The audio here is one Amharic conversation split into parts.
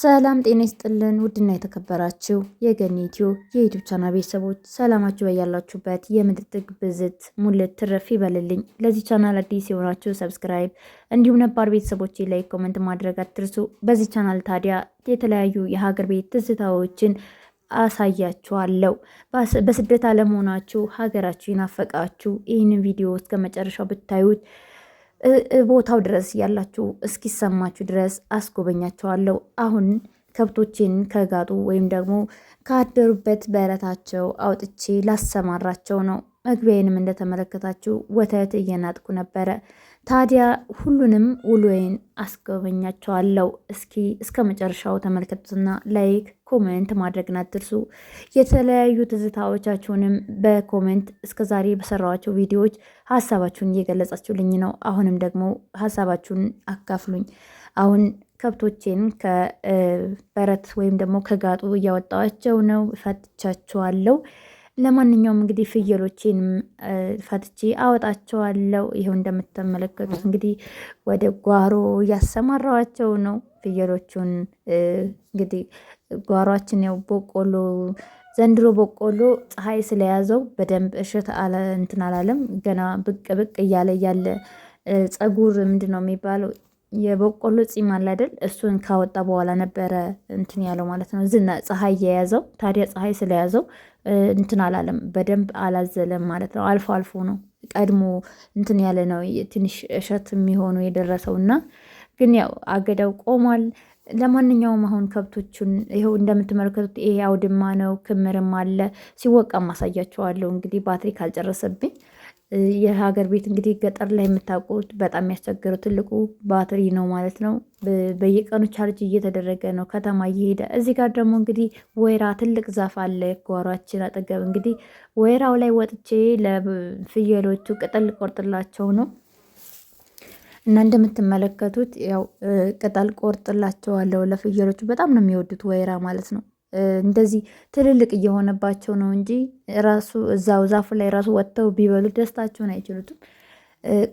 ሰላም ጤና ይስጥልን ውድና የተከበራችሁ የገኒ ኢትዮ የዩቲዩብ ቻናል ቤተሰቦች ሰላማችሁ በያላችሁበት የምድርጥግ ብዝት ሙልት ትረፍ ይበልልኝ። ለዚህ ቻናል አዲስ የሆናችሁ ሰብስክራይብ፣ እንዲሁም ነባር ቤተሰቦች ላይ ኮመንት ማድረግ አትርሱ። በዚህ ቻናል ታዲያ የተለያዩ የሀገር ቤት ትዝታዎችን አሳያችኋለሁ። በስደት አለመሆናችሁ ሀገራችሁ ይናፈቃችሁ ይህንን ቪዲዮ እስከ መጨረሻው ብታዩት ቦታው ድረስ ያላችሁ እስኪሰማችሁ ድረስ አስጎበኛቸዋለሁ። አሁን ከብቶችን ከጋጡ ወይም ደግሞ ካደሩበት በረታቸው አውጥቼ ላሰማራቸው ነው። መግቢያዬንም እንደተመለከታችሁ ወተት እየናጥኩ ነበረ። ታዲያ ሁሉንም ውሎዬን አስጎበኛቸዋለሁ። እስኪ እስከ መጨረሻው ተመልከቱትና ላይክ ኮሜንት ማድረግን አትርሱ። የተለያዩ ትዝታዎቻችሁንም በኮሜንት እስከዛሬ በሰራኋቸው ቪዲዮዎች ሀሳባችሁን እየገለጻችሁልኝ ነው። አሁንም ደግሞ ሀሳባችሁን አካፍሉኝ። አሁን ከብቶቼን ከበረት ወይም ደግሞ ከጋጡ እያወጣኋቸው ነው። ፈትቻችኋለሁ። ለማንኛውም እንግዲህ ፍየሎቼን ፈትቼ አወጣቸዋለሁ። ይኸው እንደምትመለከቱት እንግዲህ ወደ ጓሮ እያሰማራዋቸው ነው ፍየሎቹን። እንግዲህ ጓሯችን ያው በቆሎ ዘንድሮ በቆሎ ፀሐይ ስለያዘው በደንብ እሸት እንትን አላለም። ገና ብቅ ብቅ እያለ ያለ ጸጉር ምንድን ነው የሚባለው የበቆሎ ጺም አለ አይደል? እሱን ካወጣ በኋላ ነበረ እንትን ያለው ማለት ነው። ዝና ፀሐይ የያዘው ታዲያ ፀሐይ ስለያዘው እንትን አላለም፣ በደንብ አላዘለም ማለት ነው። አልፎ አልፎ ነው ቀድሞ እንትን ያለ ነው ትንሽ እሸት የሚሆኑ የደረሰው እና ግን ያው አገዳው ቆሟል። ለማንኛውም አሁን ከብቶቹን ይኸው እንደምትመለከቱት ይሄ አውድማ ነው፣ ክምርም አለ። ሲወቃም አሳያቸዋለሁ እንግዲህ ባትሪ ካልጨረሰብኝ የሀገር ቤት እንግዲህ ገጠር ላይ የምታውቁት በጣም የሚያስቸግረው ትልቁ ባትሪ ነው ማለት ነው። በየቀኑ ቻርጅ እየተደረገ ነው ከተማ እየሄደ። እዚህ ጋር ደግሞ እንግዲህ ወይራ ትልቅ ዛፍ አለ ጓሯችን አጠገብ። እንግዲህ ወይራው ላይ ወጥቼ ለፍየሎቹ ቅጠል ቆርጥላቸው ነው እና እንደምትመለከቱት ያው ቅጠል ቆርጥላቸዋለሁ ለፍየሎቹ። በጣም ነው የሚወዱት ወይራ ማለት ነው። እንደዚህ ትልልቅ እየሆነባቸው ነው እንጂ ራሱ እዛው ዛፉ ላይ ራሱ ወጥተው ቢበሉት ደስታቸውን አይችሉትም።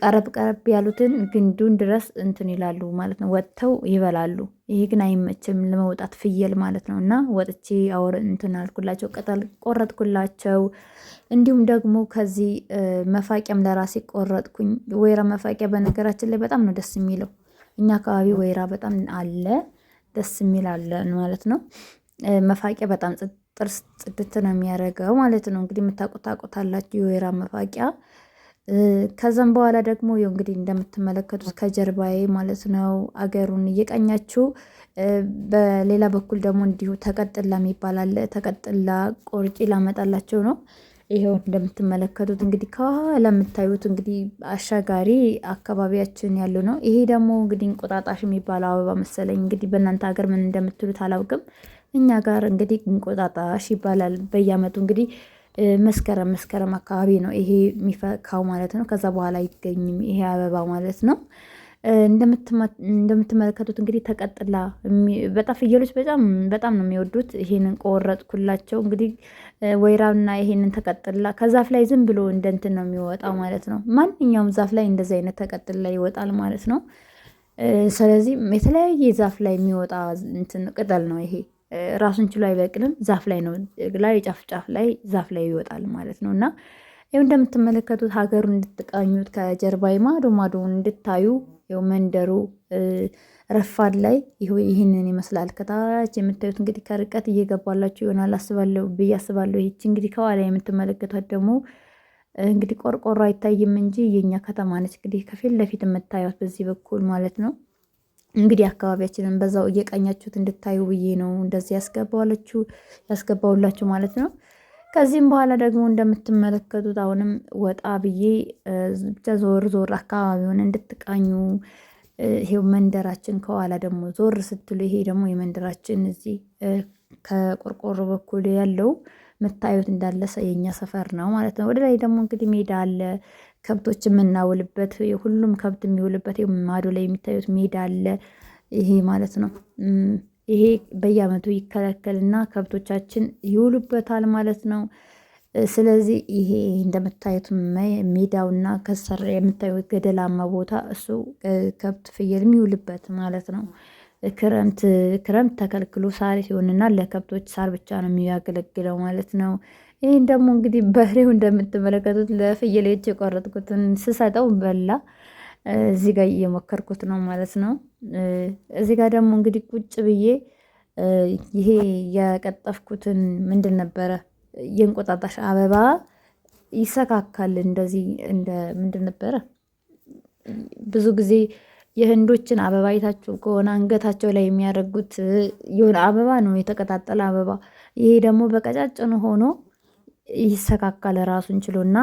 ቀረብ ቀረብ ያሉትን ግንዱን ድረስ እንትን ይላሉ ማለት ነው፣ ወጥተው ይበላሉ። ይሄ ግን አይመችም ለመውጣት ፍየል ማለት ነው። እና ወጥቼ አወር እንትን አልኩላቸው፣ ቅጠል ቆረጥኩላቸው። እንዲሁም ደግሞ ከዚህ መፋቂያም ለራሴ ቆረጥኩኝ። ወይራ መፋቂያ በነገራችን ላይ በጣም ነው ደስ የሚለው። እኛ አካባቢ ወይራ በጣም አለ፣ ደስ የሚል አለ ማለት ነው። መፋቂያ በጣም ጥርስ ጽድት ነው የሚያደርገው ማለት ነው። እንግዲህ የምታውቁት ታውቁታላችሁ የወይራ መፋቂያ። ከዛም በኋላ ደግሞ ይኸው እንግዲህ እንደምትመለከቱት ከጀርባዬ ማለት ነው አገሩን እየቀኛችሁ፣ በሌላ በኩል ደግሞ እንዲሁ ተቀጥላ የሚባላል ተቀጥላ ቆርጪ ላመጣላቸው ነው። ይኸው እንደምትመለከቱት እንግዲህ ከኋላ የምታዩት እንግዲህ አሻጋሪ አካባቢያችን ያሉ ነው። ይሄ ደግሞ እንግዲህ እንቁጣጣሽ የሚባለው አበባ መሰለኝ። እንግዲህ በእናንተ ሀገር ምን እንደምትሉት አላውቅም። እኛ ጋር እንግዲህ እንቁጣጣሽ ይባላል። በየአመቱ እንግዲህ መስከረም መስከረም አካባቢ ነው ይሄ የሚፈካው ማለት ነው። ከዛ በኋላ አይገኝም ይሄ አበባ ማለት ነው። እንደምትመለከቱት እንግዲህ ተቀጥላ በጣም ፍየሎች በጣም በጣም ነው የሚወዱት። ይሄንን ቆረጥኩላቸው እንግዲህ ወይራና ይሄንን ተቀጥላ ከዛፍ ላይ ዝም ብሎ እንደንትን ነው የሚወጣው ማለት ነው። ማንኛውም ዛፍ ላይ እንደዚህ አይነት ተቀጥላ ይወጣል ማለት ነው። ስለዚህ የተለያየ ዛፍ ላይ የሚወጣ እንትን ቅጠል ነው ይሄ ራሱን ችሎ አይበቅልም። ዛፍ ላይ ነው ላይ ጫፍ ጫፍ ላይ ዛፍ ላይ ይወጣል ማለት ነው እና ይኸው እንደምትመለከቱት ሀገሩን እንድትቃኙት ከጀርባ ማዶ ማዶውን እንድታዩ ይኸው መንደሩ ረፋድ ላይ ይህንን ይመስላል። ከታች የምታዩት እንግዲህ ከርቀት እየገባላችሁ ይሆናል አስባለሁ ብዬ አስባለሁ። ይቺ እንግዲህ ከኋላ የምትመለከቷት ደግሞ እንግዲህ ቆርቆሮ አይታይም እንጂ የኛ ከተማ ነች። እንግዲህ ከፊት ለፊት የምታዩት በዚህ በኩል ማለት ነው። እንግዲህ አካባቢያችንን በዛው እየቀኛችሁት እንድታዩ ብዬ ነው እንደዚህ ያስገባዋለችሁ ያስገባውላችሁ ማለት ነው። ከዚህም በኋላ ደግሞ እንደምትመለከቱት አሁንም ወጣ ብዬ ብቻ ዞር ዞር አካባቢውን እንድትቃኙ ይሄው መንደራችን ከኋላ ደግሞ ዞር ስትሉ ይሄ ደግሞ የመንደራችን እዚህ ከቆርቆሮ በኩል ያለው የምታዩት እንዳለ የእኛ ሰፈር ነው ማለት ነው። ወደ ላይ ደግሞ እንግዲህ ሜዳ አለ። ከብቶች የምናውልበት ሁሉም ከብት የሚውልበት ማዶ ላይ የሚታዩት ሜዳ አለ። ይሄ ማለት ነው። ይሄ በየአመቱ ይከለከልና ከብቶቻችን ይውሉበታል ማለት ነው። ስለዚህ ይሄ እንደምታዩት ሜዳውና ከሰር የምታዩት ገደላማ ቦታ እሱ ከብት ፍየል የሚውልበት ማለት ነው። ክረምት ክረምት ተከልክሎ ሳር ሲሆንና ለከብቶች ሳር ብቻ ነው የሚያገለግለው ማለት ነው። ይህን ደግሞ እንግዲህ በሬው እንደምትመለከቱት ለፍየሌዎች የቆረጥኩትን ስሰጠው በላ። እዚህ ጋር እየሞከርኩት ነው ማለት ነው። እዚህ ጋር ደግሞ እንግዲህ ቁጭ ብዬ ይሄ የቀጠፍኩትን ምንድን ነበረ የእንቆጣጣሽ አበባ ይሰካካል እንደዚህ እንደ ምንድን ነበረ ብዙ ጊዜ የህንዶችን አበባ አይታችሁ ከሆነ አንገታቸው ላይ የሚያደርጉት የሆነ አበባ ነው፣ የተቀጣጠለ አበባ። ይሄ ደግሞ በቀጫጭኑ ሆኖ ይሰካካል ራሱን ችሎና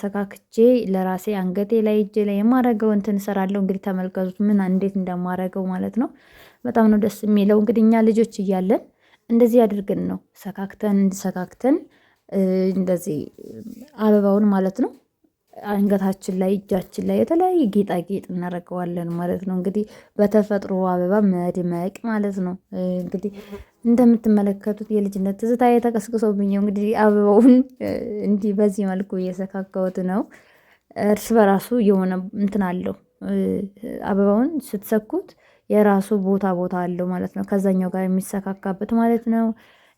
ሰካክቼ ለራሴ አንገቴ ላይ እጄ ላይ የማረገው እንትን እሰራለሁ። እንግዲህ ተመልከቱት ምን እንዴት እንደማረገው ማለት ነው። በጣም ነው ደስ የሚለው። እንግዲህ እኛ ልጆች እያለን እንደዚህ አድርገን ነው ሰካክተን ሰካክተን እንደዚህ አበባውን ማለት ነው አንገታችን ላይ እጃችን ላይ የተለያየ ጌጣጌጥ እናደርገዋለን ማለት ነው። እንግዲህ በተፈጥሮ አበባ መድመቅ ማለት ነው። እንግዲህ እንደምትመለከቱት የልጅነት ትዝታ የተቀስቅሶብኝ እንግዲህ አበባውን እንዲህ በዚህ መልኩ እየሰካከውት ነው። እርስ በራሱ የሆነ እንትን አለው። አበባውን ስትሰኩት የራሱ ቦታ ቦታ አለው ማለት ነው። ከዛኛው ጋር የሚሰካካበት ማለት ነው።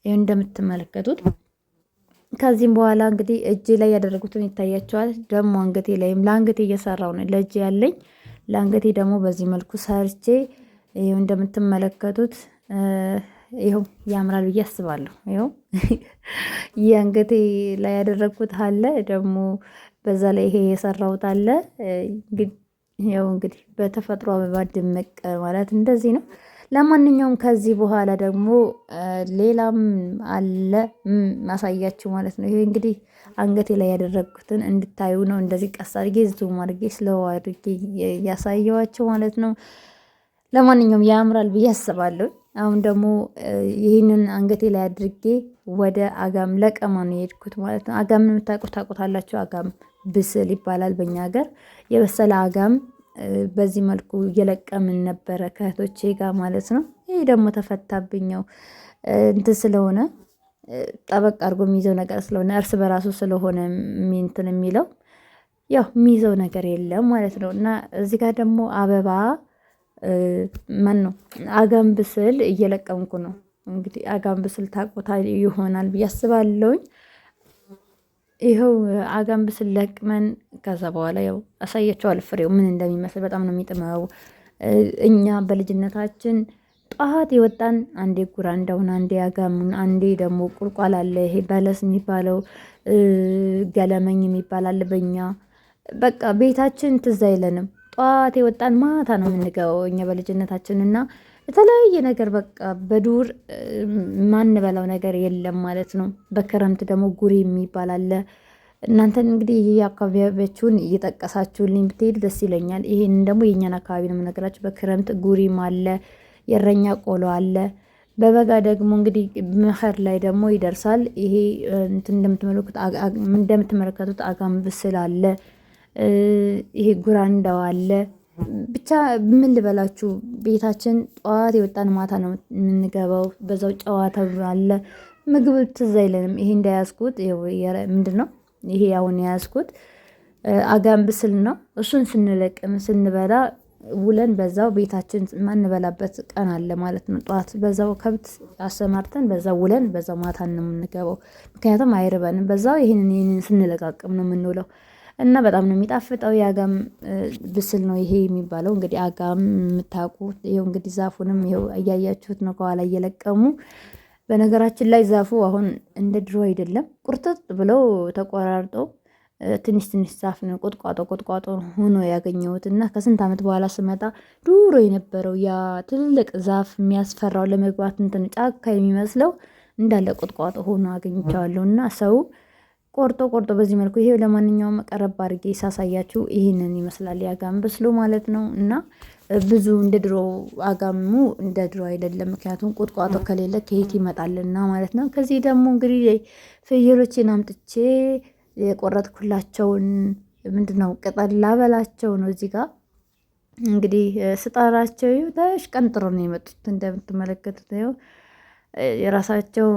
ይህ እንደምትመለከቱት ከዚህም በኋላ እንግዲህ እጅ ላይ ያደረጉትን ይታያቸዋል። ደግሞ አንገቴ ላይም ለአንገቴ እየሰራው ነው ለእጅ ያለኝ ለአንገቴ ደግሞ በዚህ መልኩ ሰርቼ ይኸው እንደምትመለከቱት ይኸው ያምራል ብዬ አስባለሁ። ይኸው የአንገቴ ላይ ያደረግኩት አለ ደግሞ በዛ ላይ ይሄ የሰራሁት አለ። ያው እንግዲህ በተፈጥሮ አበባ ድምቅ ማለት እንደዚህ ነው። ለማንኛውም ከዚህ በኋላ ደግሞ ሌላም አለ ማሳያችሁ ማለት ነው። ይሄ እንግዲህ አንገቴ ላይ ያደረግኩትን እንድታዩ ነው። እንደዚህ ቀስ አድርጌ ዝቱም አድርጌ ስለው አድርጌ ያሳየዋቸው ማለት ነው። ለማንኛውም ያምራል ብዬ አስባለሁ። አሁን ደግሞ ይህንን አንገቴ ላይ አድርጌ ወደ አጋም ለቀማ ነው የሄድኩት ማለት ነው። አጋም የምታውቁት ታውቁታላችሁ። አጋም ብስል ይባላል በእኛ ሀገር። የበሰለ አጋም በዚህ መልኩ እየለቀምን ነበረ ከእህቶቼ ጋር ማለት ነው። ይህ ደግሞ ተፈታብኛው እንትን ስለሆነ ጠበቅ አድርጎ የሚይዘው ነገር ስለሆነ እርስ በራሱ ስለሆነ እንትን የሚለው ያው የሚይዘው ነገር የለም ማለት ነው። እና እዚህ ጋር ደግሞ አበባ ማን ነው አጋምብ እየለቀምኩ ነው። እንግዲህ አጋምብ ታቆታ ይሆናል ብዬ አስባለሁኝ። ይኸው አጋንብስን ለቅመን ከዛ በኋላ ያው አሳያቸዋል ፍሬው ምን እንደሚመስል በጣም ነው የሚጥመው። እኛ በልጅነታችን ጠዋት የወጣን አንዴ ጉራንዳውን፣ አንዴ አጋሙን፣ አንዴ ደግሞ ቁልቋል አለ ይሄ በለስ የሚባለው ገለመኝ የሚባል አለ በእኛ በቃ ቤታችን ትዝ አይለንም። ጠዋት የወጣን ማታ ነው የምንገባው እኛ በልጅነታችን እና የተለያየ ነገር በቃ በዱር ማንበላው ነገር የለም ማለት ነው። በክረምት ደግሞ ጉሪ የሚባል አለ። እናንተን እንግዲህ ይህ አካባቢያችሁን እየጠቀሳችሁልኝ ብትሄድ ደስ ይለኛል። ይህን ደግሞ የእኛን አካባቢ ነው የምነግራችሁ። በክረምት ጉሪም አለ፣ የእረኛ ቆሎ አለ። በበጋ ደግሞ እንግዲህ መኸር ላይ ደግሞ ይደርሳል። ይሄ እንደምትመለከቱት አጋም ብስል አለ፣ ይሄ ጉራንዳው አለ። ብቻ ምን ልበላችሁ፣ ቤታችን ጠዋት የወጣን ማታ ነው የምንገባው። በዛው ጨዋታ አለ፣ ምግብ ትዝ አይለንም። ይሄ እንዳያስኩት ምንድን ነው ይሄ አሁን የያዝኩት ብስል ነው። እሱን ስንለቅም ስንበላ ውለን በዛው ቤታችን ማንበላበት ቀን አለ ማለት ነው። ጠዋት በዛው ከብት አሰማርተን በዛ ውለን በዛው ማታ ነው የምንገባው። ምክንያቱም አይርበንም። በዛው ይህንን ይህንን ስንለቃቅም ነው የምንውለው። እና በጣም ነው የሚጣፍጠው። የአጋም ብስል ነው ይሄ የሚባለው እንግዲህ አጋም የምታውቁት ይኸው እንግዲህ ዛፉንም ይኸው እያያችሁት ነው ከኋላ እየለቀሙ በነገራችን ላይ ዛፉ አሁን እንደ ድሮ አይደለም። ቁርጥጥ ብለው ተቆራርጠው ትንሽ ትንሽ ዛፍ ነው ቁጥቋጦ ቁጥቋጦ ሆኖ ያገኘሁት እና ከስንት ዓመት በኋላ ስመጣ ዱሮ የነበረው ያ ትልቅ ዛፍ የሚያስፈራው ለመግባት እንትን ጫካ የሚመስለው እንዳለ ቁጥቋጦ ሆኖ አገኝቸዋለሁ እና ሰው ቆርጦ ቆርጦ በዚህ መልኩ ይሄ ለማንኛውም ቀረብ አድርጌ ሳሳያችሁ ይህንን ይመስላል ያጋም በስሎ ማለት ነው። እና ብዙ እንደ ድሮ አጋሙ እንደ ድሮ አይደለም፣ ምክንያቱም ቁጥቋጦ ከሌለ ከየት ይመጣልና ማለት ነው። ከዚህ ደግሞ እንግዲህ ፍየሎችን አምጥቼ የቆረጥኩላቸውን ምንድነው ቅጠል ላበላቸው ነው እዚህ ጋር እንግዲህ ስጠራቸው ተሽቀንጥሮ ነው የመጡት እንደምትመለከቱት ነው። የራሳቸው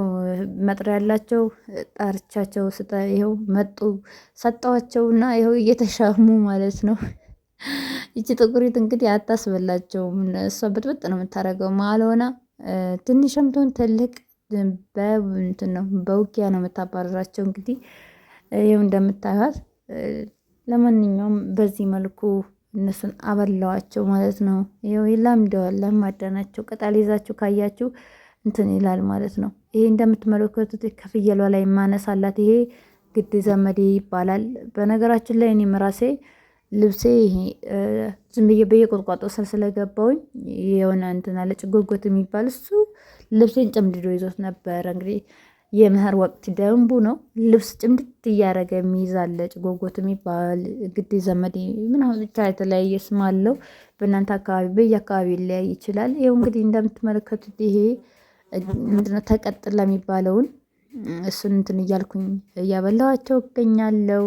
መጥሪያ ያላቸው ጠርቻቸው ስጠ ይኸው መጡ ሰጠዋቸውና ይኸው እየተሻሙ ማለት ነው። ይቺ ጥቁሪት እንግዲህ አታስበላቸውም። እሷ ብጥብጥ ነው የምታደርገው። ማለሆና ትንሽም ትሆን ትልቅ በእንትን ነው በውጊያ ነው የምታባረራቸው። እንግዲህ ይኸው እንደምታዩት ለማንኛውም በዚህ መልኩ እነሱን አበላዋቸው ማለት ነው። ይኸው ይላምደዋል። ለማዳናቸው ቅጠል ይዛችሁ ካያችሁ እንትን ይላል ማለት ነው። ይሄ እንደምትመለከቱት ከፍየሏ ላይ ማነሳላት ይሄ ግድ ዘመዴ ይባላል። በነገራችን ላይ እኔም ራሴ ልብሴ ይሄ ዝም ብዬ በየቆጥቋጦ ስር ስለገባውኝ የሆነ እንትን አለ ጭጎጎት የሚባል እሱ ልብሴን ጭምድዶ ይዞት ነበረ። እንግዲህ የምህር ወቅት ደንቡ ነው። ልብስ ጭምድድ እያደረገ የሚይዛለ ጭጎጎት የሚባል ግድ ዘመዴ ምናምን ብቻ የተለያየ ስም አለው። በእናንተ አካባቢ በየአካባቢ ሊለያይ ይችላል። ይኸው እንግዲህ እንደምትመለከቱት ይሄ ምንድነው ተቀጥላ የሚባለውን እሱን እንትን እያልኩኝ እያበላኋቸው እገኛለሁ።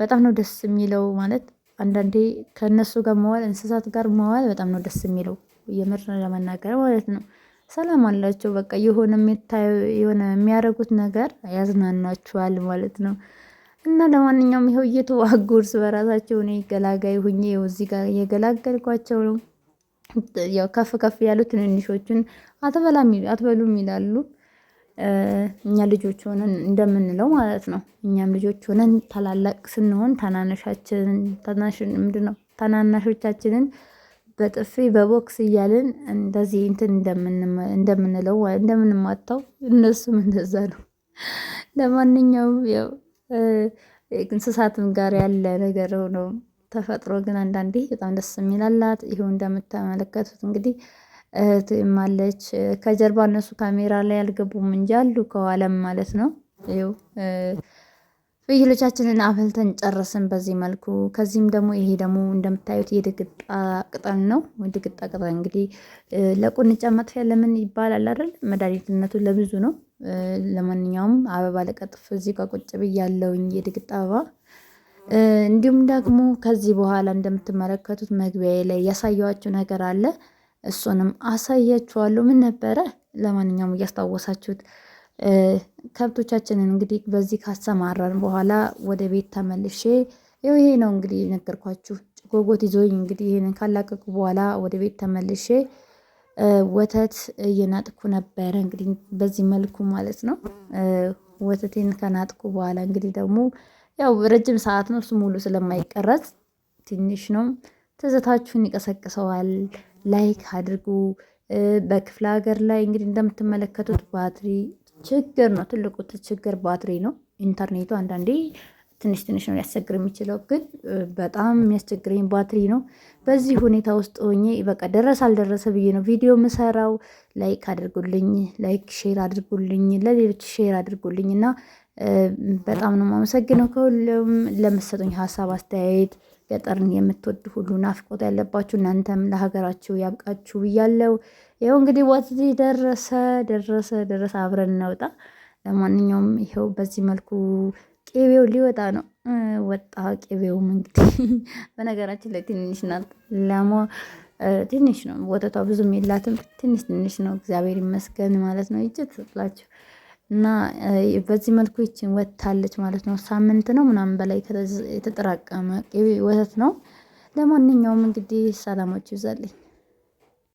በጣም ነው ደስ የሚለው ማለት አንዳንዴ ከእነሱ ጋር መዋል እንስሳት ጋር መዋል በጣም ነው ደስ የሚለው የምር ለመናገር ማለት ነው። ሰላም አላቸው። በቃ የሆነ የሆነ የሚያደርጉት ነገር ያዝናናችኋል ማለት ነው። እና ለማንኛውም ይኸው እየተዋጉ እርስ በራሳቸው እኔ ገላጋይ ሁኜ እዚህ ጋር እየገላገልኳቸው ነው። ያው ከፍ ከፍ ያሉ ትንንሾቹን አትበሉም ይላሉ። እኛ ልጆች ሆነን እንደምንለው ማለት ነው። እኛም ልጆች ሆነን ታላላቅ ስንሆን ታናናሻችንን ታናናሾቻችንን በጥፊ በቦክስ እያልን እንደዚህ እንትን እንደምንለው እንደምንማታው እነሱም እንደዛ ነው። ለማንኛውም ያው እንስሳትም ጋር ያለ ነገር ነው። ተፈጥሮ ግን አንዳንዴ በጣም ደስ የሚላላት ይሄው እንደምትመለከቱት እንግዲህ እህትም አለች ከጀርባ እነሱ ካሜራ ላይ አልገቡም እንጂ አሉ ከኋላም ማለት ነው። ይኸው ፍየሎቻችንን አፈልተን ጨረስን በዚህ መልኩ። ከዚህም ደግሞ ይሄ ደግሞ እንደምታዩት የድግጣ ቅጠል ነው። ድግጣ ቅጠል እንግዲህ ለቁንጫ መጥፊያ ለምን ይባላል አይደል? መድኃኒትነቱ ለብዙ ነው። ለማንኛውም አበባ ልቀጥፍ እዚህ ጋር ቁጭ ብያለሁኝ። የድግጣ አበባ እንዲሁም ደግሞ ከዚህ በኋላ እንደምትመለከቱት መግቢያ ላይ ያሳየዋችሁ ነገር አለ። እሱንም አሳያችኋለሁ። ምን ነበረ? ለማንኛውም እያስታወሳችሁት ከብቶቻችንን እንግዲህ በዚህ ካሰማራን በኋላ ወደ ቤት ተመልሼ ይኸው ይሄ ነው እንግዲህ ነገርኳችሁ። ጎጎት ይዞኝ እንግዲህ ይህንን ካላቀቁ በኋላ ወደ ቤት ተመልሼ ወተት እየናጥኩ ነበረ። እንግዲህ በዚህ መልኩ ማለት ነው። ወተቴን ከናጥኩ በኋላ እንግዲህ ደግሞ ያው ረጅም ሰዓት ነው እሱ ሙሉ ስለማይቀረጽ ትንሽ ነው። ትዝታችሁን ይቀሰቅሰዋል። ላይክ አድርጉ። በክፍለ ሀገር ላይ እንግዲህ እንደምትመለከቱት ባትሪ ችግር ነው። ትልቁ ችግር ባትሪ ነው። ኢንተርኔቱ አንዳንዴ ትንሽ ትንሽ ነው ሊያስቸግር የሚችለው፣ ግን በጣም የሚያስቸግረኝ ባትሪ ነው። በዚህ ሁኔታ ውስጥ ሆኜ በቃ ደረሰ አልደረሰ ብዬ ነው ቪዲዮ ምሰራው። ላይክ አድርጉልኝ፣ ላይክ ሼር አድርጉልኝ፣ ለሌሎች ሼር አድርጉልኝ እና በጣም ነው የማመሰግነው። ከሁሉም ለምትሰጡኝ ሀሳብ አስተያየት፣ ገጠርን የምትወድ ሁሉ ናፍቆት ያለባችሁ እናንተም ለሀገራችሁ ያብቃችሁ ብያለሁ። ይኸው እንግዲህ ወደዚህ ደረሰ ደረሰ ደረሰ፣ አብረን እናውጣ። ለማንኛውም ይኸው በዚህ መልኩ ቅቤው ሊወጣ ነው። ወጣ ቅቤውም። እንግዲህ በነገራችን ላይ ትንሽ ናት፣ ለሞ ትንሽ ነው ወተቷ፣ ብዙም የላትም። ትንሽ ትንሽ ነው። እግዚአብሔር ይመስገን ማለት ነው። ይጭት ስጥላችሁ እና በዚህ መልኩ ይችን ወጥታለች ማለት ነው። ሳምንት ነው ምናምን በላይ የተጠራቀመ ወተት ነው። ለማንኛውም እንግዲህ ሰላሞች ይብዛልኝ።